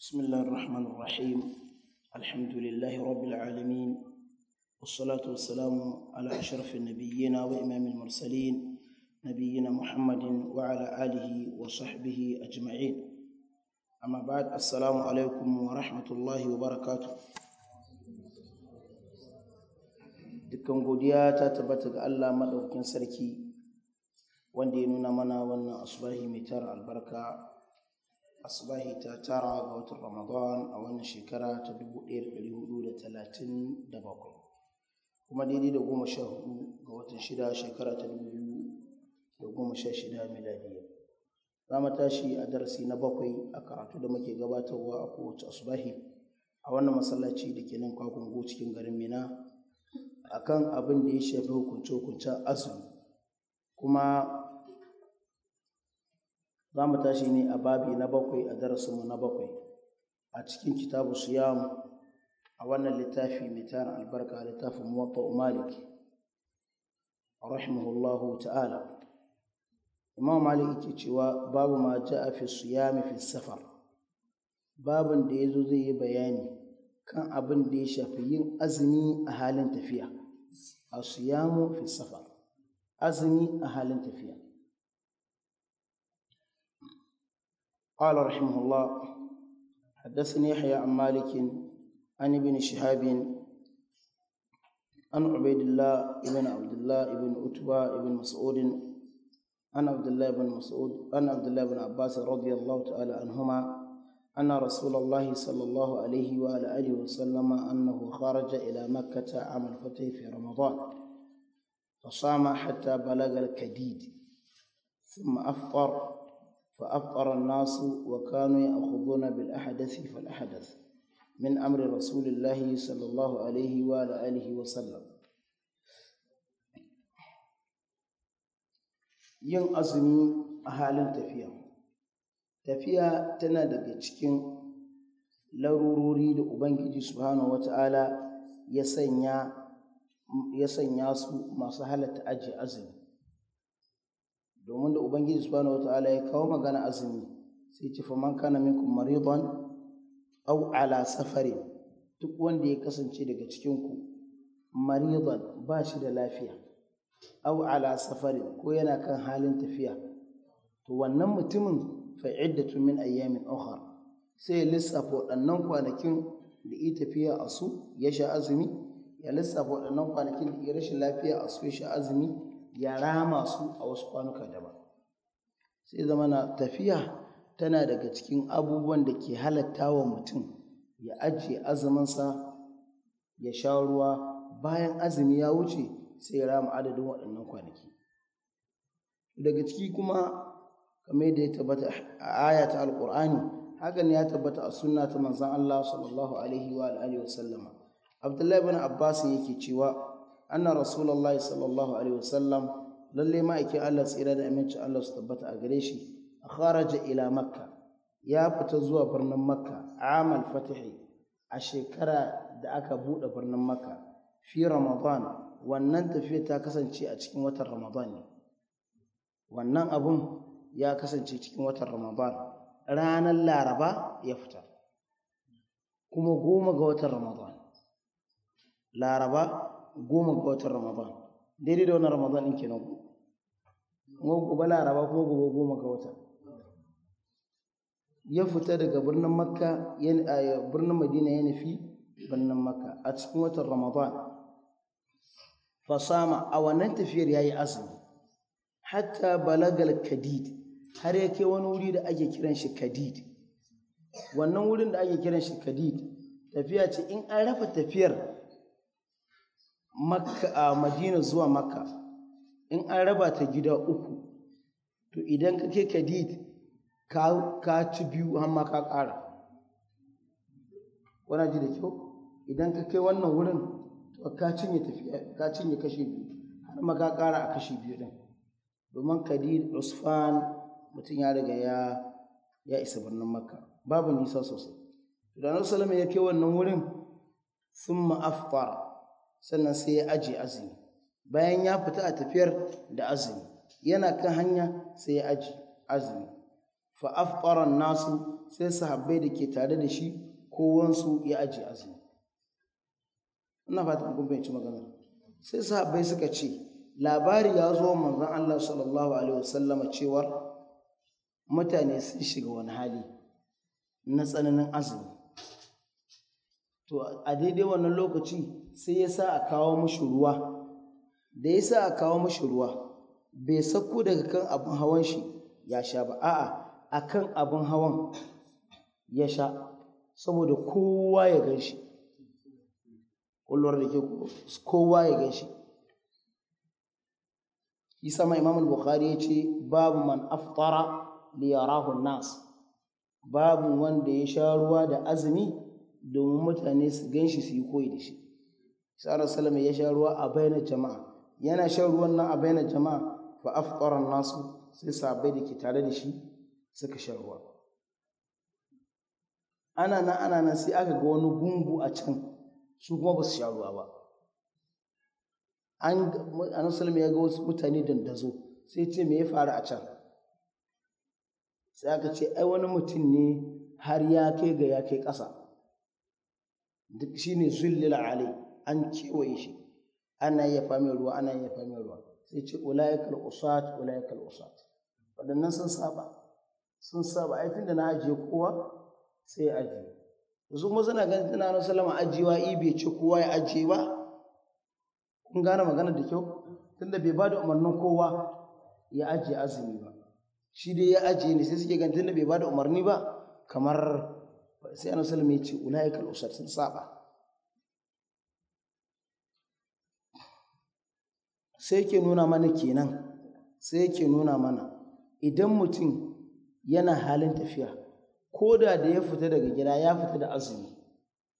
بسم الله الرحمن الرحيم الحمد لله رب العالمين والصلاة والسلام على أشرف النبيين وإمام المرسلين نبينا محمد وعلى آله وصحبه أجمعين أما بعد السلام عليكم ورحمة الله وبركاته dukkan godiya ta tabbata ga Allah maɗaukakin sarki wanda ya nuna mana wannan asubahi mai tara albarka asbahi ta tara ga watan ramadan a wannan shekara ta 1437 kuma daidai da goma sha hudu ga watan shida shekara ta 2016 miladiya za mu tashi a darasi na bakwai a karatu da muke gabatarwa a kowace asbahi a wannan masallaci da ke nan go cikin garin mina akan abin da ya shafi hukunce-hukuncen azumi kuma za mu tashi ne a babi na bakwai a darasinmu na bakwai a cikin kitabu su a wannan littafi mai tara albarka littafin muwatta malik rahimahullahu ta'ala imam malik ke cewa babu ma a fi siyami fi safar babin da ya zo zai yi bayani kan abin da ya shafi yin azumi a halin tafiya a siyamu fi safar azumi a halin tafiya قال رحمه الله حدثني يحيى عن مالك عن ابن شهاب عن عبيد الله ابن عبد الله ابن عتبة ابن مسعود عن عبد الله بن مسعود عن عبد الله بن عباس رضي الله تعالى عنهما أن رسول الله صلى الله عليه وعلى آله وسلم أنه خرج إلى مكة عام الفتح في رمضان فصام حتى بلغ الكديد ثم أفطر فأفطر الناس وكانوا يأخذون بالأحدث فالأحدث من أمر رسول الله صلى الله عليه وعلى وسلم yin azumi a halin tafiya tafiya tana daga cikin larurori da ubangiji subhanahu wata'ala ya sanya ya sanya su masu halatta ajiye azumi domin da ubangiji subhanahu wataala ya kawo magana azumi sai ce fa man kana minkum maridan aw ala safarin duk wanda ya kasance daga cikin ku maridan ba shi da lafiya aw ala safarin ko yana kan halin tafiya to wannan mutumin fa iddatu min ayyamin ukhra sai lissafa waɗannan kwanakin da yi tafiya a su ya sha azumi ya lissafa waɗannan kwanakin da yi rashin lafiya a su ya sha azumi ya rama su a wasu kwanuka daban sai zama na tafiya tana daga cikin abubuwan da ke halatta wa mutum ya ajiye azuminsa ya sha ruwa bayan azumi ya wuce sai ya rama adadin waɗannan kwanaki daga ciki kuma kamar da ya tabbata a aya ta alkur'ani hakan ya tabbata a sunna ta manzan Allah sallallahu alaihi wa alihi wa sallama Abdullahi bin Abbas yake cewa anna rasulullahi sallallahu alaihi wasallam lalle ma'aikin Allah tsira da aminci Allah su tabbata a gare shi kharaja ila makka ya fita zuwa birnin makka amal fatihi a shekara da aka buɗe birnin makka fi ramadan wannan tafiya ta kasance a cikin watan ramadan ne wannan abun ya kasance cikin watan ramadan ranar laraba ya fita kuma goma ga watan ramadan laraba goma ga watan ramadan daidai da wannan ramadan ɗin kenan ko gobe laraba kuma gobe goma ga wata ya fita daga birnin makka ya birnin madina ya nufi birnin makka a cikin watan ramadan fasama a wannan tafiyar ya yi azumi hatta balagal kadid har ya kai wani wuri da ake kiran shi kadid wannan wurin da ake kiran shi kadid tafiya ce in an rafa tafiyar makka madina zuwa makka in an raba ta gida uku to idan kake kadid ka ci biyu hamma ka ƙara wana ji da kyau idan ka kai wannan wurin to ka cinye tafiya ka cinye kashi biyu har ma ka ƙara a kashi biyu din domin kadid usfan mutum ya riga ya ya isa birnin makka babu nisa sosai idan salama ya kai wannan wurin sun ma'afara sannan sai ya ajiye azumi bayan ya fita a tafiyar da azumi yana kan hanya sai ya aji azumi fa nasu sai sahabbai da ke tare da shi kowansu ya ajiye azumi ina fatan kun bayyana magana sai sahabbai suka ce labari ya zo manzon Allah sallallahu alaihi wasallama cewar mutane sun shiga wani hali na tsananin azumi to a daidai wannan lokaci sai ya sa a kawo mashi ruwa da ya sa a kawo mashi ruwa bai sako daga kan abin hawan shi ya sha ba a'a a kan abin hawan ya sha saboda kowa ya gan shi kullum da ke kowa ya gan shi isa ma imam bukhari ya ce babu man aftara li yarahu nas babu wanda ya sha ruwa da azumi domin mutane su gan shi su yi koyi da shi sa'ar salam ya sha ruwa a bainar jama'a yana shan ruwan nan a bainar jama'a fa afqara nasu sai sabai da ke tare da shi suka sha ruwa ana nan ana nan sai aka ga wani gungu a can su kuma ba su sha ruwa ba an salam ya ga wasu mutane dandazo sai ce me ya faru a can sai aka ce ai wani mutum ne har ya kai ga ya kai ƙasa duk shi ne zullila alai an kewaye shi ana iya fami ruwa ana iya fami ruwa sai ce ulayakal usat ulayakal usat waɗannan sun saba sun saba ai tunda na ajiye kowa sai ya ajiye yanzu kuma suna ganin tana na sallama ajiyewa i bai ce kowa ya ajiye ba kun gane magana da kyau tunda bai ba da umarnin kowa ya ajiye azumi ba shi dai ya ajiye ne sai suke ganin tunda bai ba da umarni ba kamar sai annabi sallallahu ya ce ulaikal usat sun saba sai ke nuna mana kenan sai ke nuna mana idan mutum yana halin tafiya ko da da ya fita daga gida ya fita da azumi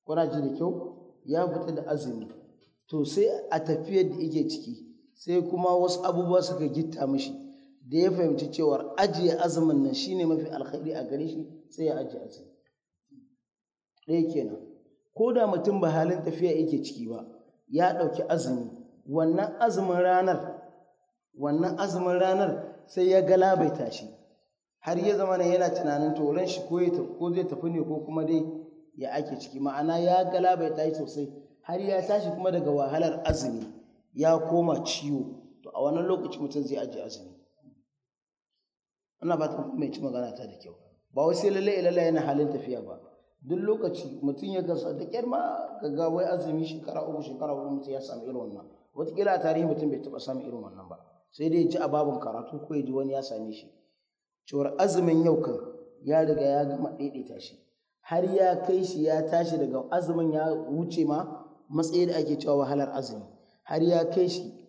kuna ji da kyau ya fita da azumi to sai a tafiyar da yake ciki sai kuma wasu abubuwa suka gitta mashi da ya fahimci cewar ajiye azumin nan shine mafi alkhairi a gare shi sai ya ajiye azumi ɗaya kenan ko da mutum ba halin tafiya yake ciki ba ya ɗauki azumi wannan azumin ranar wannan azumin ranar sai ya galabaita shi har ya zama na yana tunanin toron shi ko zai tafi ne ko kuma dai ya ake ciki ma'ana ya galabaita shi sosai har ya tashi kuma daga wahalar azumi ya koma ciwo to a wannan lokaci mutum zai ajiye azumi ana ba ta mai ci magana ta da kyau ba wai sai lalle lalle yana halin tafiya ba duk lokaci mutum ya gasa da kyar ma ga gawai azumi shekara uku shekara uku mutum ya sami irin wannan wataƙila a tarihi mutum bai taɓa samun irin wannan ba sai dai ji a babin karatu ko ya ji wani ya same shi cewar azumin yau kan ya riga ya gama daidaita shi har ya kai shi ya tashi daga azumin ya wuce ma matsayi da ake cewa wahalar azumi har ya kai shi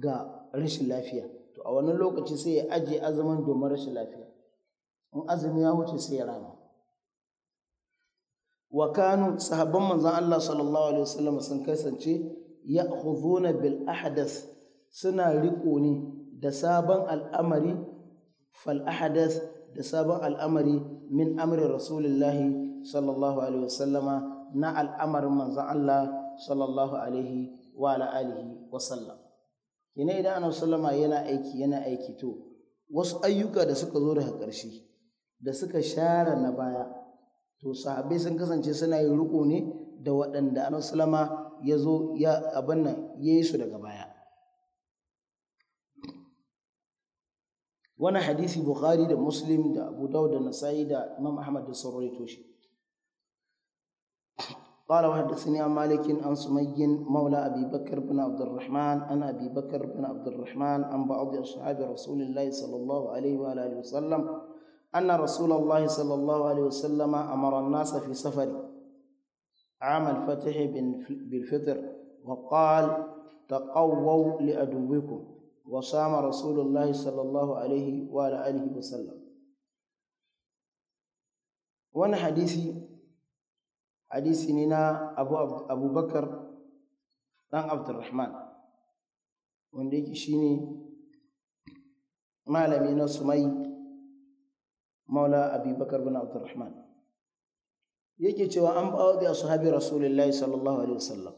ga rashin lafiya to a wannan lokaci sai ya ajiye azumin domin rashin lafiya in azumi ya wuce sai ya rana. wa kanu sahabban manzon Allah sallallahu alaihi wasallam sun kasance ya'khudhuna bil ahdas suna riko ne da sabon al'amari fal ahdas da sabon al'amari min amri rasulullahi sallallahu alaihi wasallama na al'amarin manzon Allah sallallahu alaihi wa alihi wasallam kina idan annabi sallama yana aiki yana aiki to wasu ayyuka da suka zo daga ƙarshe da suka share na baya to sahabbai sun kasance suna yin riko ne da waɗanda annabi sallama ya zo ya abin nan ya yi su daga baya wani hadisi bukhari da muslim da abu dawud da nasa'i da imam ahmad da sauran shi قال وحدثني عن مالك عن سمي مولى ابي بكر بن عبد الرحمن عن ابي بكر بن عبد الرحمن عن بعض اصحاب رسول الله صلى الله عليه واله وسلم ان رسول الله صلى الله عليه وسلم امر الناس في سفره عام الفتح بالفطر وقال تقووا لأدوكم وصام رسول الله صلى الله عليه وعلى آله وسلم وانا حديثي حديثي نينا أبو, أبو بكر ɗan abdulrahman wanda yake shine malami na sumai maula abubakar bin abdulrahman yake cewa an ba da ashabi rasulullahi sallallahu alaihi wasallam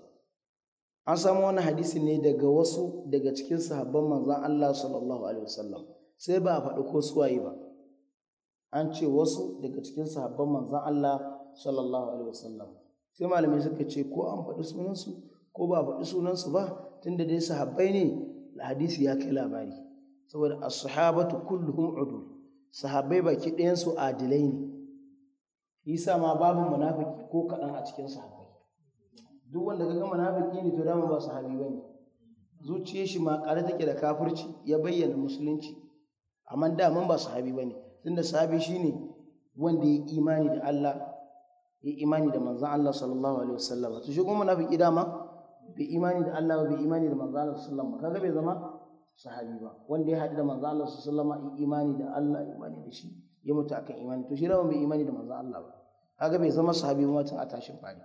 an samu wani hadisi ne daga wasu daga cikin sahabban manzon Allah sallallahu alaihi wasallam sai ba a faɗi ko suwaye ba an ce wasu daga cikin sahabban manzon Allah sallallahu alaihi wasallam sai malamai suka ce ko an faɗi sunansu ko ba a faɗi sunansu ba tunda dai sahabbai ne hadisi ya kai labari saboda as-sahabatu kulluhum udul sahabbai baki ɗayan su adilai ne isa ma babu munafiki ko kaɗan a cikin sahabai duk wanda ga munafiki ne to dama ba sahabi bane zuciye shi ma ƙare take da kafirci ya bayyana musulunci amma daman ba sahabi bane tunda sahabi shine wanda ya imani da Allah ya imani da manzon Allah sallallahu alaihi wasallam to shi kuma munafiki dama bai imani da Allah bai imani da manzon Allah sallallahu alaihi wasallam kaga bai zama sahabi ba wanda ya haɗu da manzon Allah sallallahu alaihi wasallam imani da Allah imani da shi ya mutu akan imani to shi rawan bai imani da manzon Allah ba kaga bai zama sahabi ba a tashin fari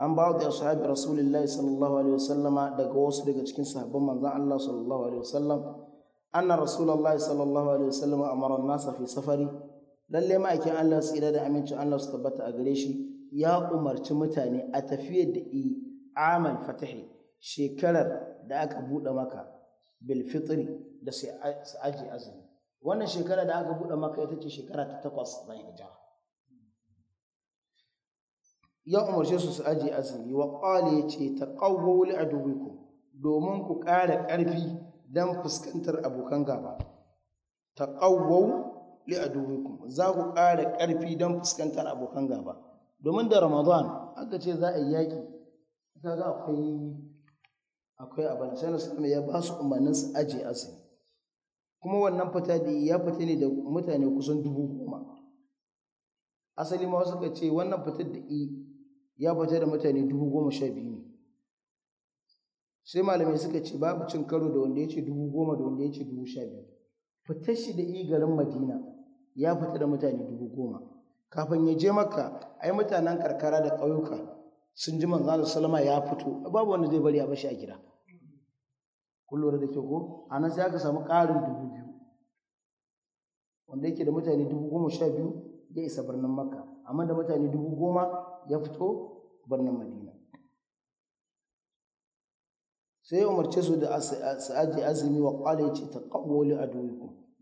an ba da sahabi rasulullahi sallallahu alaihi wasallama daga wasu daga cikin sahabban manzan Allah sallallahu alaihi wasallam anna rasulullahi sallallahu alaihi amara nasa fi safari lalle ma'aikin Allah su ira da amincin Allah su tabbata a gare shi ya umarci mutane a tafiyar da i amal fatahi shekarar da aka buɗe maka bil fitri da sai aji azumi wannan shekara da aka buɗe maka ita ce shekara ta takwas na hijira ya umarce su su ajiye azumi wa ƙwale ya ce ta ƙawo li'aduwiku domin ku ƙara ƙarfi don fuskantar abokan gaba ta ƙawo li'aduwiku za ku ƙara ƙarfi don fuskantar abokan gaba domin da ramadan aka ce za a yi yaƙi akwai akwai abin sai ya ba su umarnin su ajiye azumi kuma wannan fita da ya fita ne da mutane kusan dubu goma asali ma suka ce wannan fitar da i ya fita da mutane dubu goma sha biyu ne sai malamai suka ce babu cin karo da wanda ya ce dubu goma da wanda ya ce dubu sha biyu fitar shi da i garin madina ya fita da mutane dubu goma kafin ya je maka ai mutanen karkara da ƙauyuka sun ji manzo salama ya fito babu wanda zai bari a bashi a gida kun da ke ko a nan sai aka samu ƙarin dubu biyu wanda yake da mutane dubu goma sha biyu ya isa birnin makka amma da mutane dubu goma ya fito birnin madina sai ya umarce su da su aji azumi wa ƙwale ce ta ƙaɓoli a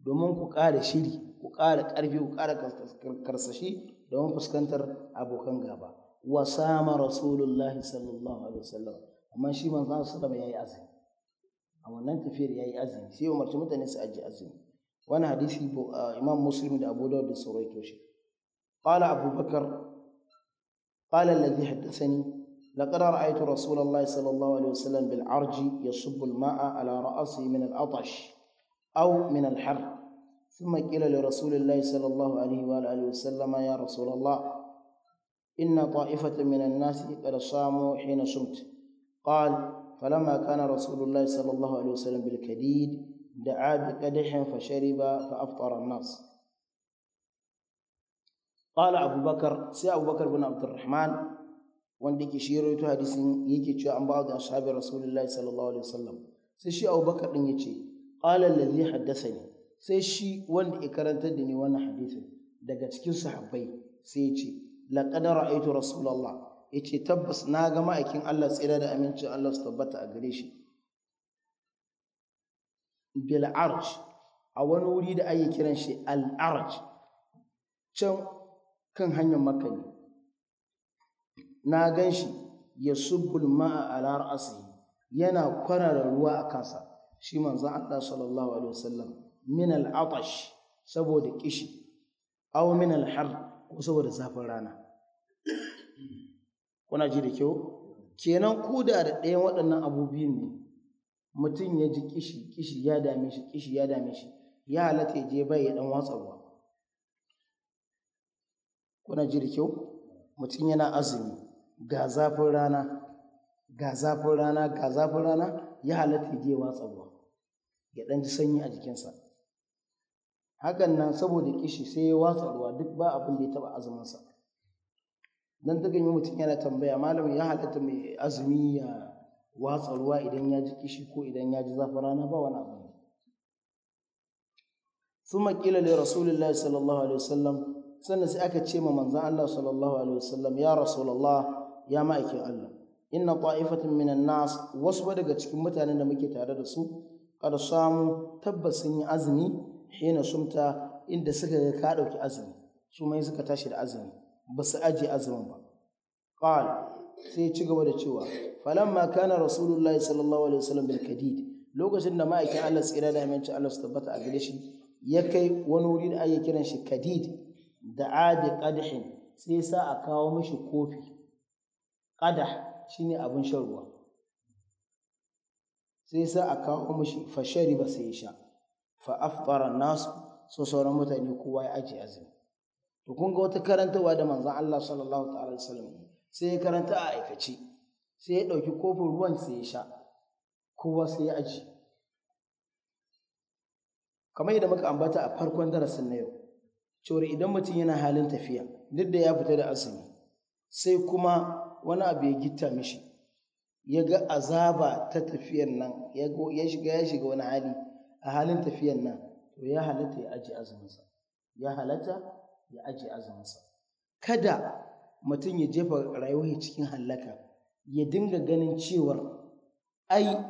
domin ku ƙara shiri ku ƙara ƙarfi ku ƙara karsashi domin fuskantar abokan gaba wa sama rasulullahi sallallahu alaihi wasallam amma shi manzo sallallahu alaihi wasallam yayi azumi a wannan tafiyar ya yi azumi sai umarci mutane su ajiye azumi wani hadisi imam muslim da abu dawud da sauraito shi qala abubakar qala alladhi haddathani لقد رأيت رسول الله صلى الله عليه وسلم بالعرج يصب الماء على رأسه من العطش أو من الحر ثم قيل لرسول الله صلى الله عليه وآله وسلم يا رسول الله إن طائفة من الناس قد صاموا حين صمت قال فلما كان رسول الله صلى الله عليه وسلم بالكديد دعا بقدح فشرب فافطر الناس قال ابو بكر سي ابو بكر بن عبد الرحمن wanda yake shi rawaito hadisin yake cewa an ba'u da ashabi rasulullahi sallallahu alaihi wasallam sai shi Abu Bakar din yace qala allazi haddathani sai shi wanda ya karantar da ni wannan hadisin daga cikin sahabbai sai yace laqad ra'aytu rasulullah ya tabbas na ga ma'aikin Allah tsira da amincin Allah su tabbata a gare shi bil a wani wuri da ake kiran shi al can kan hanyar makani ne na gan shi ya subbul ma'a ala ra'asi yana kwarara ruwa a kansa shi a Allah sallallahu alaihi wasallam min al atash saboda kishi aw min al har ko saboda zafin rana kuna ji da kyau kenan ku da da ɗayan waɗannan abubuwan ne mutum ya ji kishi kishi ya dame shi kishi ya dame shi ya halatta ya je bai ya dan watsa ruwa kuna ji da kyau mutum yana azumi ga zafin rana ga zafin rana ga zafin rana ya halatta ya je watsa ruwa ya dan ji sanyi a jikinsa hakan nan saboda kishi sai ya watsa ruwa duk ba abin da ya taba azuminsa dan ta ganyi mutum yana tambaya malam ya halatta mai azumi ya watsa ruwa idan ya ji kishi ko idan ya ji zafin rana ba wani abu thumma qila li rasulillahi sallallahu alaihi wasallam sannan sai aka ce ma manzon Allah sallallahu alaihi wasallam ya rasulullah ya ma'aikin Allah inna ta'ifatan minan nas wasu ba daga cikin mutanen da muke tare da su kada samu tabbas sun yi azumi hina sumta inda suka ga ka dauki azumi su mai suka tashi da azumi ba su aje azumin ba ƙal sai ci gaba da cewa falamma kana rasulullah sallallahu alaihi wasallam bil kadid lokacin da ma'aikin Allah tsira da aminci Allah su tabbata a gare shi ya kai wani wuri da ake kiran shi kadid da adi qadhin sai sa a kawo mishi kofi shi shine abin shan ruwa sai sa a kawo mishi fa ba sai sha fa aftara nasu so sauran mutane kowa ya ajiye azumi to kun ga wata karantarwa da manzon Allah sallallahu ta'ala wasallam sai ya karanta a aikace sai ya ɗauki kofin ruwan sai ya sha kowa sai ya aji kamar yadda muka ambata a farkon darasin na yau cewar idan mutum yana halin tafiya duk da ya fita da azumi sai kuma wani abu ya gitta mishi ya ga azaba ta tafiyan nan ya shiga ya shiga wani hali a halin tafiyan nan to ya halatta ya aji azuminsa ya halatta ya ajiye azuminsa kada mutum ya jefa rayuwar cikin hallaka ya dinga ganin cewar ai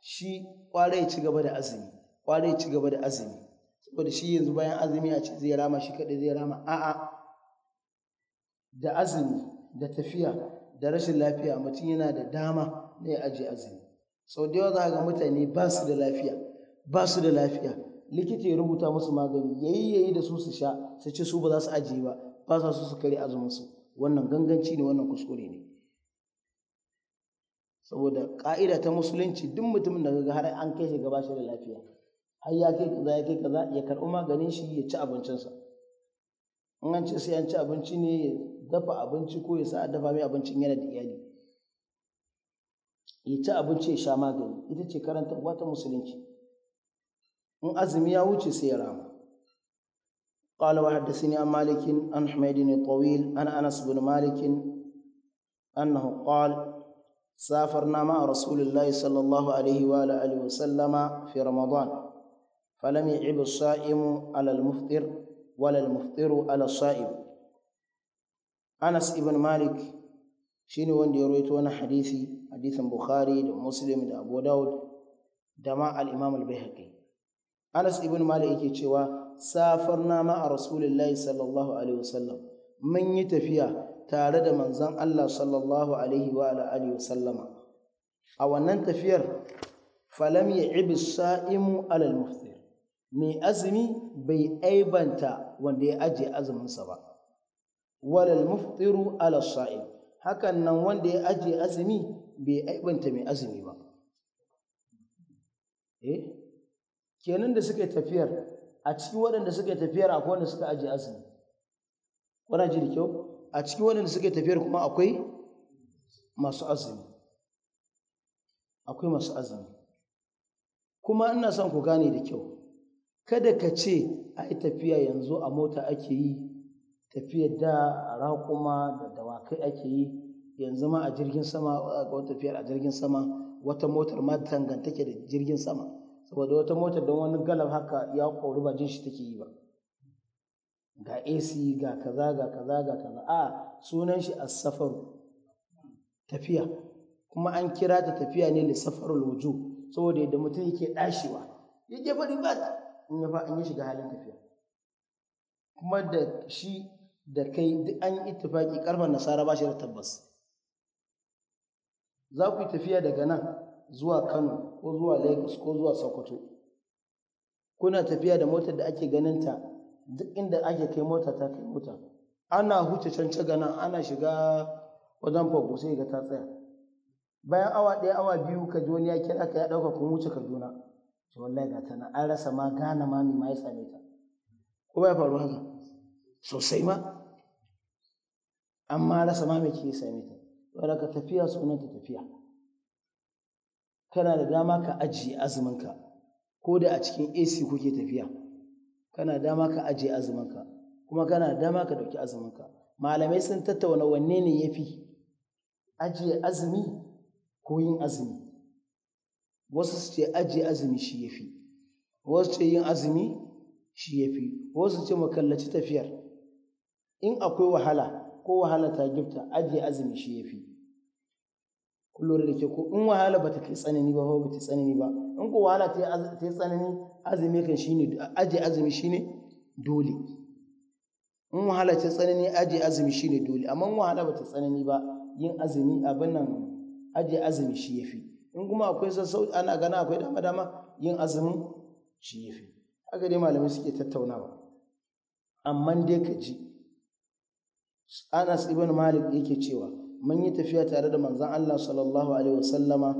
shi kware ya ci gaba da azumi kware ya ci gaba da azumi saboda shi yanzu bayan azumi a ce zai rama shi kaɗai zai rama a'a da azumi da tafiya da rashin lafiya mutum yana da dama na ya ajiye azumi sau da yawa za ga mutane ba su da lafiya ba su da lafiya likita ya rubuta musu magani yayi yayi da su su sha su ci su ba za su ajiye ba ba sa su su kare azumin su wannan ganganci ne wannan kuskure ne saboda ka'ida ta musulunci duk mutumin da kaga har an kai shi gaba shi da lafiya har ya kai kaza ya kai kaza ya karɓi maganin shi ya ci abincinsa in an ce sai an ci abinci ne ya dafa abinci ko ya sa a dafa mai abincin yana da iyali ya ci abinci ya sha magani ita ce karanta ta musulunci in azumi ya wuce sai ya rama قال وحدثني عن مالك عن حميد الطويل عن انس بن مالك انه قال سافرنا مع رسول الله صلى الله عليه واله وسلم في رمضان فلم يعب الصائم على المفطر ولا المفطر على الصائم انس بن مالك شنو وندي يرويتونا حديثي حديث البخاري ومسلم وابو داود دماء الامام البيهقي Anas ibn Malik yake cewa safar nama a Rasulullahi sallallahu alaihi wasallam mun yi tafiya tare da manzon Allah sallallahu alaihi wa alihi wasallama a wannan tafiyar falam ya'ib sa'imu alal muftir mai azumi bai aibanta wanda ya ajiye azuminsa ba walal muftiru ala sa'im hakan nan wanda ya ajiye azumi bai aibanta mai azumi ba eh kenan da suka yi tafiyar a cikin waɗanda suka yi tafiyar akwai wanda suka ajiye azumi kuna ji da kyau a cikin waɗanda suka yi tafiyar kuma akwai masu azumi akwai masu azumi kuma ina son ku gane da kyau kada ka ce a yi tafiya yanzu a mota ake yi tafiyar da raƙuma da dawakai ake yi yanzu ma a jirgin sama wata tafiyar a jirgin sama wata motar ma tangantake da jirgin sama da wata motar don wani galab haka ya kori ba jin shi take yi ba ga AC ga kaza ga kaza ga kaza a sunan shi a safaru tafiya kuma an kira ta tafiya ne da safaru lojo saboda yadda mutum yake ya ke fari ba in ya fa an yi shiga halin tafiya kuma da shi da kai duk an yi tafaki karfan nasara ba shi da tabbas za ku yi tafiya daga nan zuwa Kano ko zuwa Lagos ko zuwa Sokoto kuna tafiya da motar da ake ganin ta duk inda ake kai mota ta kai mota ana huce can nan ana shiga wajen fagu sai ga ta tsaya bayan awa ɗaya awa biyu ka wani ya kira ka ya ɗauka kun wuce Kaduna to wallahi ga ta an rasa ma gane ma mai ma ya same ta ko ba ya faru haka sosai ma amma rasa ma me ke same ta saboda ka tafiya sunanta tafiya kana da dama ka ajiye azuminka ko da a cikin AC kuke tafiya kana dama ka ajiye azuminka kuma kana dama ka dauki azuminka malamai sun tattauna wanne ne yafi ajiye azumi ko yin azumi wasu su ce ajiye azumi shi yafi wasu ce yin azumi shi yafi wasu ce makallaci tafiyar in akwai wahala ko wahala ta gifta ajiye azumi shi yafi Kullum da ke ko in wahala ba ta ke tsanani ba ba ta tsanani ba in ko wahala ta yi tsanani azumi kan ne aji azumi ne dole in wahala ta tsanani aji azumi ne dole amma in wahala ba ta tsanani ba yin azumi abin nan aje azumi shi ya fi. in kuma akwai sassau ana gana akwai dama dama yin azumin shi ya fi haka dai malamai suke tattaunawa amma dai ka ji Anas ibn Malik yake cewa mun yi tafiya tare da manzon Allah sallallahu alaihi wasallama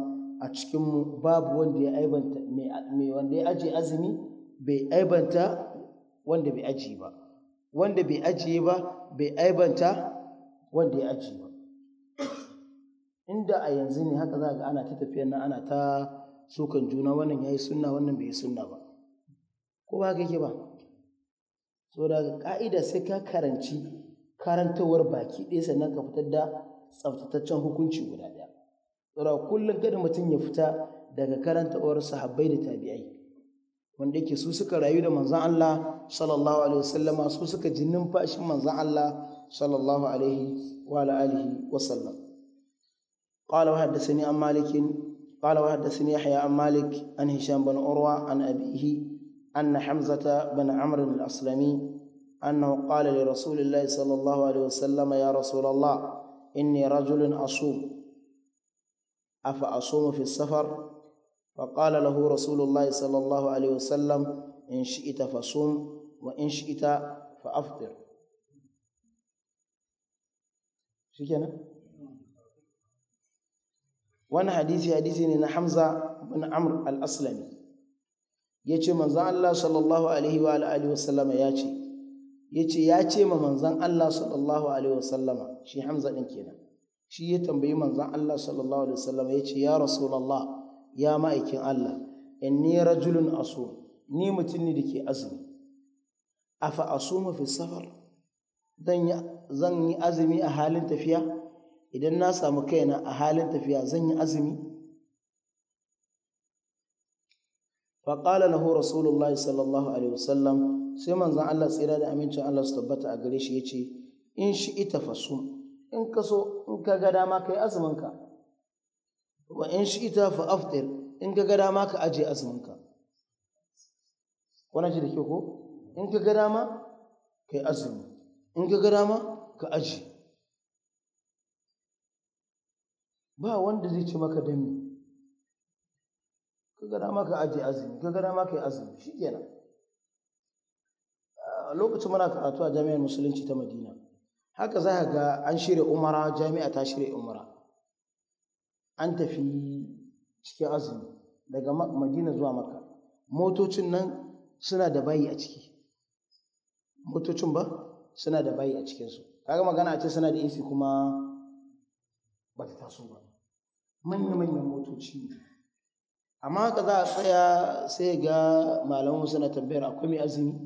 a cikin babu wanda ya aibanta mai wanda ya aje azumi bai aibanta wanda bai aje ba wanda bai ajiye ba bai aibanta wanda ya ajiye ba inda a yanzu ne haka za ga ana ta tafiya nan ana ta sukan juna wannan yayi sunna wannan bai yi sunna ba ko ba kake ba so da ka'ida sai ka karanci karantawar baki ɗaya sannan ka fitar da tsaftataccen hukunci guda ɗaya tsara kullum kada mutum ya fita daga karanta uwar sahabbai da tabi'ai wanda yake su suka rayu da manzan Allah sallallahu alaihi wasallam su suka ji numfashin manzan Allah sallallahu alaihi wa alihi wa sallam qala wa haddathani an malik qala wa haddathani yahya an malik an hisham bin urwa an abihi anna hamzata bin amr al-aslami annahu qala li rasulillahi sallallahu alaihi wasallam ya rasulullah إني رجل أصوم أفأصوم في السفر فقال له رسول الله صلى الله عليه وسلم إن شئت فصوم وإن شئت فأفطر شكرا وانا حديثي حديثي من حمزة بن عمرو الأسلمي يجي من الله صلى الله عليه وآله وسلم يجي ya ce ya ce ma manzan Allah sallallahu alaihi wasallama shi hamza ɗin kenan shi ya tambayi manzan Allah sallallahu alaihi wasallama ya ce ya rasulallah ya ma'aikin Allah In inni rajulun asu ni mutum ne da ke azumi fa asuma mafi safar zan yi azumi a halin tafiya idan na samu kaina a halin tafiya zan yi azumi faƙala lahu rasulullahi sallallahu alaihi wasallam sai manzan Allah tsira da amincin Allah su tabbata a gare shi ya ce in shi ita fasu in ka so in ka ga dama ka yi azuminka wa in shi ita fa aftir in ka ga dama ka aje azuminka wani ji da ke ko in ka ga dama ka yi azumi in ka ga dama ka aje ba wanda zai ci maka dami ka ga maka ka azumi ka gada maka yi azumi shikenan a lokacin muna karatu a jami'ar musulunci ta madina haka za ka ga an shirya umara jami'a ta shirya umara an tafi cikin azumi daga madina zuwa maka motocin nan suna da bayi a ciki motocin ba suna da bayi a cikinsu kaga magana a ce suna da isi kuma ba ta taso ba manya-manyan motoci ne amma ka za a tsaya sai ga malamu suna tambayar akwai mai azumi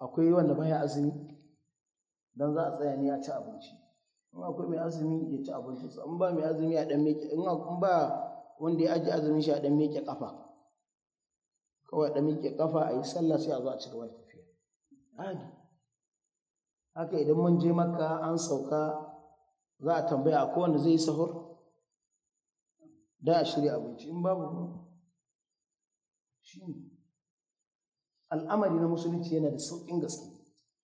akwai wanda baya azumi don za a tsaya ne a ci abinci in akwai mai azumi ya ci abinci in ba mai azumi a dan meke in ba wanda ya aji azumin shi a dan meke kafa kawai dan meke kafa a yi sallah sai a zo a ci gaba da tafiya adi haka idan mun je makka an sauka za a tambaya akwai wanda zai yi sahur da a shirya abinci in babu shi al'amari na musulunci yana da sauƙin gaske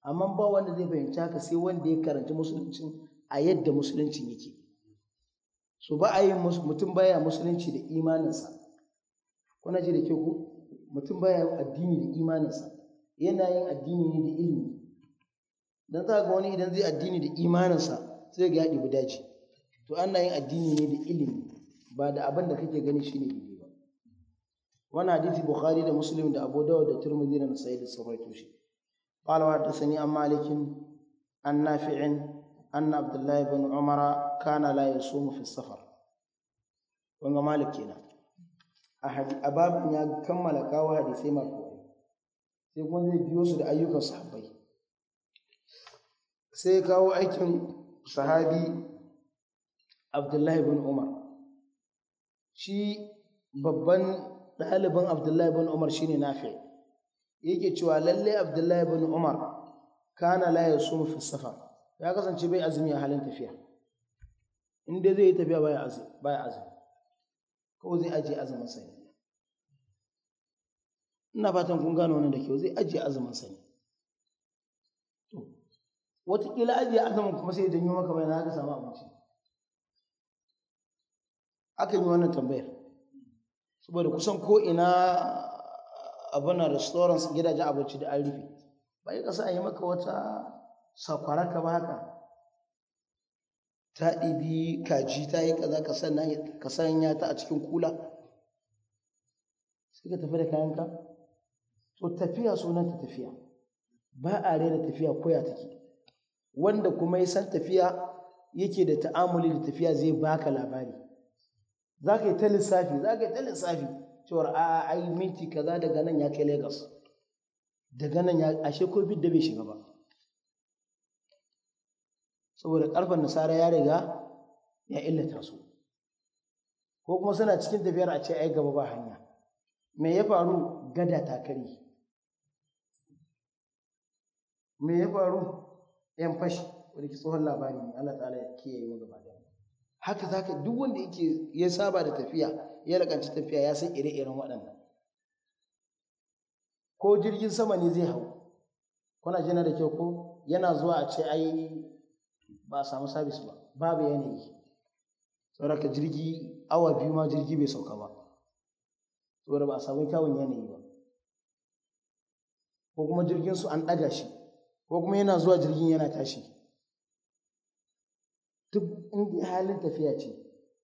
amma ba wanda zai fahimci haka sai wanda ya karanci musuluncin a yadda musuluncin yake so ba a yi mutum baya musulunci da imaninsa kuna ji da ke ko mutum baya yin addini da imaninsa yana yin addini ne da ilimi don za ga wani idan zai addini da imaninsa sai ga ya ɗibi daji to ana yin addini ne da ilimi ba da abin da kake gani shine daidai ba wannan hadisi bukhari da muslim da abu dawud da tirmidhi da nasai da sauran shi qala wa tasani an malikin an nafi'in anna abdullahi bin umara kana la yasumu fi safar wanga malik kenan a babin ya kammala kawo hadisai marfu sai kuma zai biyo su da ayyukan sahabbai sai kawo aikin sahabi abdullahi bin umar shi babban ɗalibin abdullahi bin umar shine nafi yake cewa lalle abdullahi bin umar kana la yasumu fi safar ya kasance bai azumi a halin tafiya in dai zai yi tafiya baya azumi baya azumi ko zai ajiye azumin sani. ina fatan kun gano wannan da kyau zai ajiye azumin sani. wataƙila ajiye azumin kuma sai ya janyo maka bayan haka samu abinci aka yi wannan tambayar saboda kusan ko ina abin na restaurants gidajen abinci da an rufe ba yi kasa a yi maka wata sakwara ka ba haka ta ɗibi kaji ta yi kaza ka sanya ta a cikin kula sai ka tafi da kayanka to tafiya sunanta tafiya ba a rera tafiya koya take wanda kuma ya san tafiya yake da ta'amuli da tafiya zai baka labari za ka yi ta lissafi za ka yi ta lissafi cewar a ai minti kaza daga nan ya kai lagos daga nan ya ashe covid da bai shiga ba saboda karfan nasara ya riga ya illata su ko kuma suna cikin tafiyar a ce ai gaba ba hanya me ya faru gada ta kari me ya faru yan fashi wani ki tsohon labari Allah ta'ala ya kiyaye wa gaba daya haka zaka duk wanda yake ya saba da tafiya ya lakanci tafiya ya san ire-iren waɗannan ko jirgin sama ne zai hau kuna jina da kyau ko yana zuwa a ce ai ba a samu sabis ba babu yanayi tsoraka jirgi awa biyu ma jirgi bai sauka ba saboda ba a samu kyawun yanayi ba ko kuma jirgin su an ɗaga shi ko kuma yana zuwa jirgin yana tashi duk inda halin tafiya ce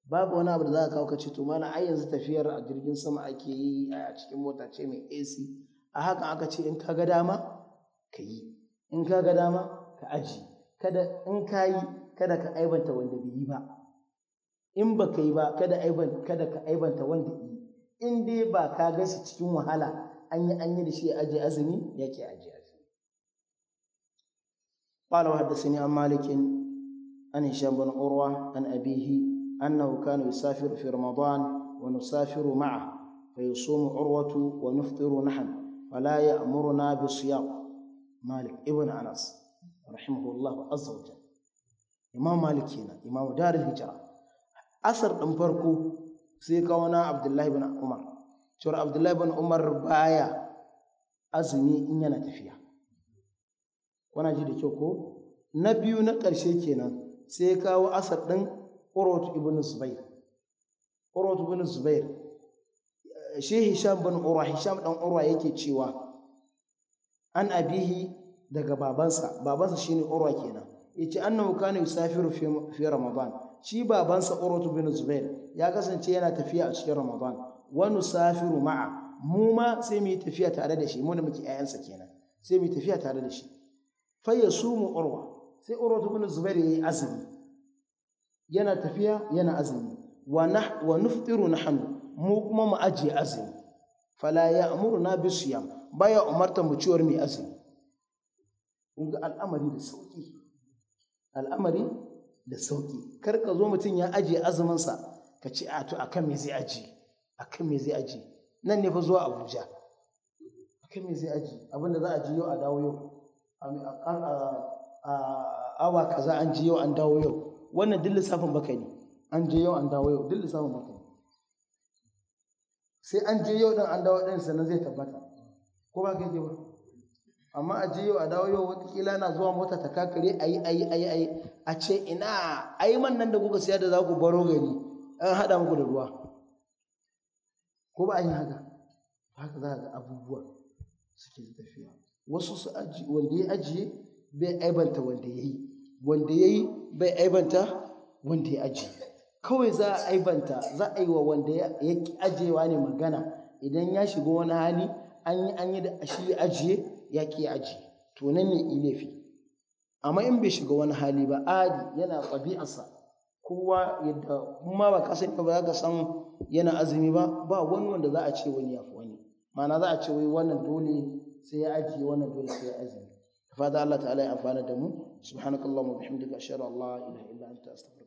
babu wani abu da za ka kawo kace to mana ai yanzu tafiyar a jirgin sama ake yi a cikin mota ce mai AC a haka aka ce in ka ga dama ka yi in ka ga dama ka aji kada in ka yi kada ka aibanta wanda bai yi ba in ba ka yi ba kada aiban kada ka aibanta wanda yi in dai ba ka ga shi cikin wahala an yi an yi da shi aje azumi yake aje azumi قال وحدثني عن مالك عن هشام بن عروة عن أبيه أنه كان يسافر في رمضان ونسافر معه فيصوم عروة ونفطر نحن فلا يأمرنا بالصيام مالك ابن أنس رحمه الله عز وجل إمام مالك هنا إمام دار الهجرة أثر أمبركو سيكونا عبد الله بن عمر شور عبد الله بن عمر بايا أزمي إن ينتفيها wana ji da kyau ko na biyu na ƙarshe kenan sai kawo asar ɗin ƙorotu ibn zubair ƙorotu ibn zubair shi hisham ban ura. hisham ɗan ura yake cewa an abihi daga babansa babansa shi ne ura kenan yace annahu kana yusafiru fi ramadan shi babansa ƙorotu ibn zubair ya kasance yana tafiya a cikin ramadan Wani safiru ma'a mu ma sai mu yi tafiya tare da shi mu da muke 'ya'yansa kenan sai mu yi tafiya tare da shi fa mu urwa sai urwa ibn ya yayi azumi yana tafiya yana azumi wa na wa nuftiru nahnu mu kuma mu ajiye azumi fala ya'muruna ya baya umarta mu ciwar mai azumi kun ga al'amari da sauki al'amari da sauki kar ka zo mutum ya ajiye azuminsa ka ci a to akan me zai aji akan me zai aji nan ne fa zuwa abuja akan me zai aji abinda za a ji yau a dawo yau a awa kaza an je yau an dawo yau wannan duk lissafin baka ne an je yau an dawo yau duk lissafin baka ne sai an je yau din an dawo din sannan zai tabbata ko ba je ba amma a je yau a dawo yau watakila na zuwa mota ta kakare ayi ayi ayi ayi a ce ina ayi man nan da kuka siya da za ku baro gari an haɗa muku da ruwa ko ba a yi haka haka za ga abubuwa suke tafiya wasu su aji wanda ya ajiye bai aibanta wanda ya yi wanda ya yi bai aibanta wanda ya aji kawai za a aibanta za a yi wa wanda ya ajiyewa ne magana idan ya shiga wani hali an yi an yi da shi ya ajiye ya ki ajiye to nan ne ilefi amma in bai shiga wani hali ba adi yana tsabi'arsa kowa yadda kuma ba ka sani ba za ka san yana azumi ba ba wani wanda za a ce wani ya fi wani ma'ana za a ce wai wannan dole sai ya ajiye wannan dole sai ya azumi fata Allah ta'ala ya damu da mu subhanakallahumma bihamdika ashhadu an la ilaha illa anta astaghfiruka